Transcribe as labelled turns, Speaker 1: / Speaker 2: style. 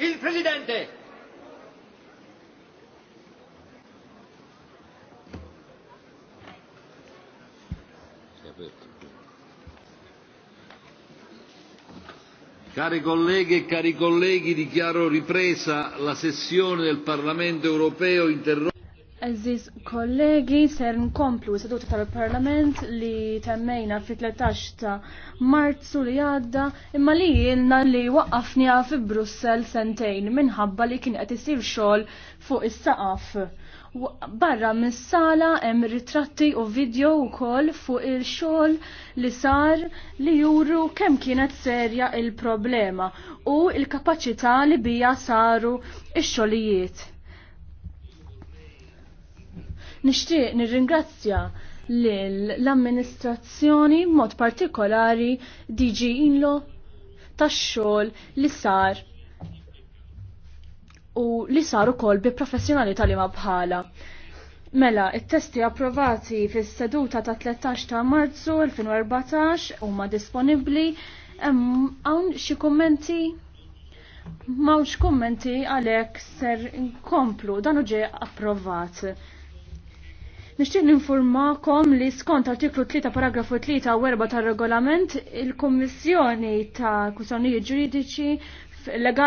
Speaker 1: Il Presidente!
Speaker 2: Cari colleghe e cari colleghi, dichiaro ripresa la sessione del Parlamento europeo interrotta.
Speaker 3: Aziz kollegi, ser nkomplu seduta tal-Parlament li temmejna fi 13 ta' Marzu li għadda, imma li jilna li waqqafni fi Brussel sentejn minħabba li kien qed isir xogħol fuq is-saqaf. Barra mis-sala hemm ritratti u video wkoll fuq il-xogħol li sar li juru kemm kienet serja il-problema u il-kapaċità li bija saru ix-xogħlijiet Nixtieq nirringrazzja l-amministrazzjoni mod partikolari DG Inlo tax-xogħol li sar u li sar ukoll bi professjonali tal-ima bħala. Mela, it-testi approvati fis seduta ta' 13 ta' marzu 2014 huma disponibbli. Hawn xi kummenti? Mawx kummenti għalhekk ser nkomplu dan ġej approvat. Nixtieq ninformakom li skont artiklu 3 paragrafu 3 u 4 tal regolament il-Kummissjoni ta' kusanijiet Ġuridiċi legali